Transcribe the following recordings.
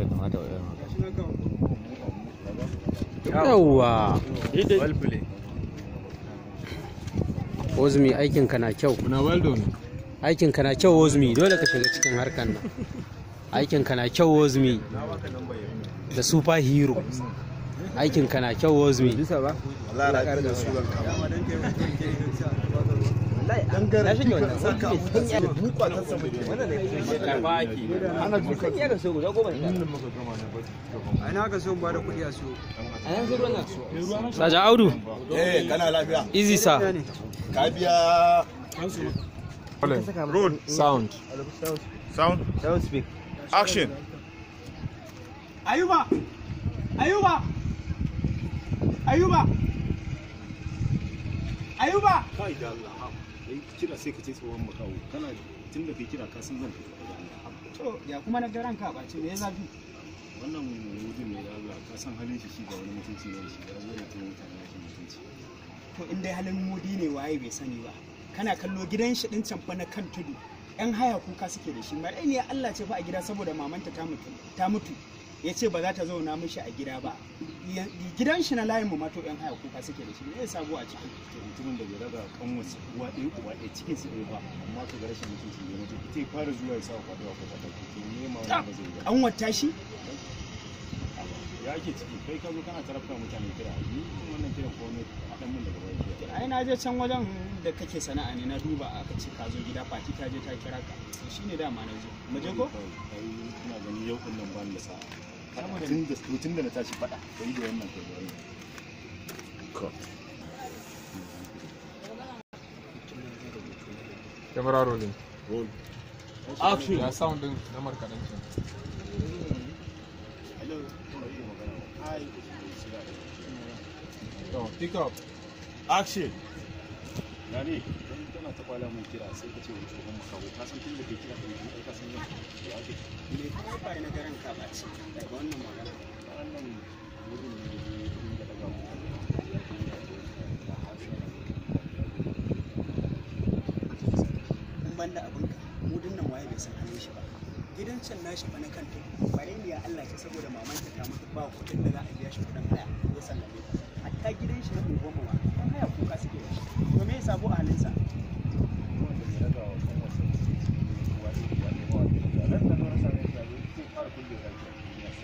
bai kamata wa irin haka yawwa ozmi aikin ka na kyau na waldo ne aikin ka na kyau ozmi dole ka shiga cikin harkan nan aikin ka na kyau ozmi da super hero aikin ka na kyau ozmi wallahi na shige wannan sai ka ta wannan ne ana ya ga so guda goma ne ai na ga ba da kuɗi a so a yanzu ruwan na so saja audu eh kana lafiya easy ka biya Road. Sound. Sound. Sound speak. Action. Ayuba! Ayuba! Ayuba! Ayuba! kira sai ka ce tsohon makawo kana tun da kai kira ka san zan to ya kuma na ga ranka ba ce me ya zafi wannan mutum ne da Allah ka san halin shi shi da wani mutunci ne shi da wani mutum mutane shi mutunci to in dai halin mudi ne waye bai sani ba kana kallo gidan shi din can fa na kan tudu yan haya kuka suke da shi ne Allah ce fa a gida saboda mamanta ta mutu ta mutu ya ce ba za ta zauna mishi a gida ba gidan shi na layin mu mato yan haya kuka suke da shi ne sabo a ciki to mutumin da bai raga kanwarsa uwa ɗaya uwa ɗaya cikin su ɗaya ba amma ka ga rashin mutunci ne mutum ita fara zuwa ya sa wa kwaɗewa ko kwaɗa to ne ma wani ba zai yi kanwar tashi ya ke ciki kai ka zo kana tarafta mutane kira ni wannan kiran ko ne haɗan mun daga bayan ai na je can wajen da kake sana'a ne na duba aka ce ka zo gida fati ta je ta kira ka shine dama na zo mu je ko ai ina ganin yau din nan ban da sa'a tun da na tashi faɗa ka yi da wannan camera rolling roll action ya sound din na to pick up action kana ta kwala mun kira sai ka ce wani tsohon makaho ka san tun da bai kira kai ai ka san ya ya ke me kuma ba na garan ka ba ce daga wannan magana wannan gudun ne ne da daga mu ban da abin ka mu dinnan waye bai san hannun shi ba gidan can nashi ba na kanta bare ne ya Allah ce saboda mamanta ta mutu ba kuɗin da za a biya shi kuɗin haya ya sallame hatta gidan shi na unguwar mu ba haya kuka suke yi shi to me ya sabo a halin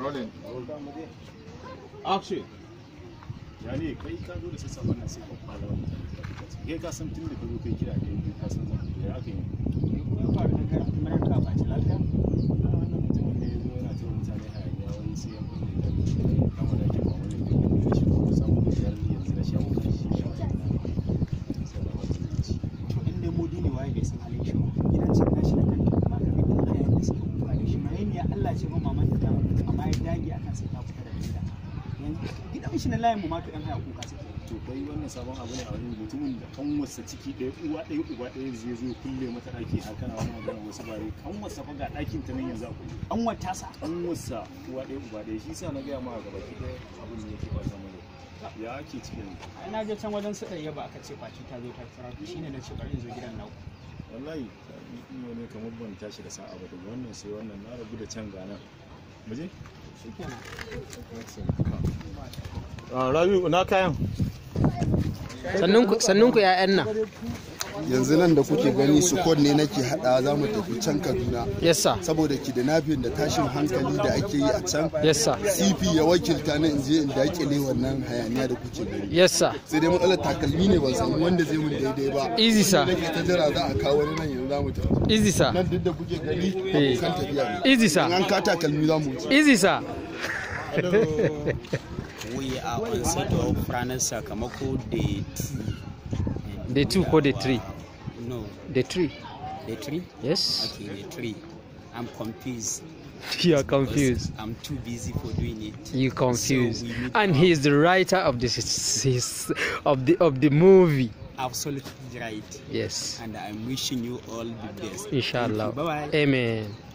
Rolling. Action. yani kai ka zo da sassa wannan sai ka fara wannan kai ka san tun da ka zo kai kira kai ka san zaka ya aka yi ka fara da ka na ka ba ci lafiya waye bai san halin shi ba gidan cin nashi da kanta kuma da bin ayayen da suka kuma da shi mai ya Allah ce mun maman ta amma ya dage akan sai ta fita da gida gidan shi na layin mu ma ɗan yan haya kuka suke to bai wannan sabon abu ne a wani mutumin da wasa ciki ɗaya uwa ɗaya uba ɗaya zai zo kulle mata ɗaki har kana wani magana wasu bare kanwarsa fa ga ɗakin ta nan yanzu a kulle sa. an wasa uwa ɗaya uba ɗaya shi sa na gaya ma gaba ki ɗaya abin ne yake ba zama ya ake cikin na je can wajen su ɗaya ba aka ce kwaci ta zo ta kira shine na ce bari in zo gidan naku wallahi iyo ne kamar ban tashi da sa'a ba daga wannan sai wannan na rabu da can gana muje ah, rabi na kayan sannunku ya'yan nan yanzu nan da kuke gani su kod ne nake hada za mu tafi can kaduna yes saboda ki da tashin hankali da ake yi a can yes cp ya wakilta na inje in ne wannan hayaniya da kuke gani yes sai dai matsalar takalmi ne ban samu wanda zai mun daidai ba easy sa nake ta jira za a kawo nan yanzu za mu tafi easy sa nan duk da kuke gani kan eh. tafiya easy sa an ka takalmi za mu wuce easy sir we are on set of Franan Sakamako Day 2. Day 2 ko Day 3? No. The tree? The tree? Yes. Okay, the tree. I'm confused. You are confused. I'm too busy for doing it. You confused. So and he's the writer of this his, of the of the movie. Absolutely right. Yes. And I'm wishing you all the best. Inshallah. Bye bye. Amen.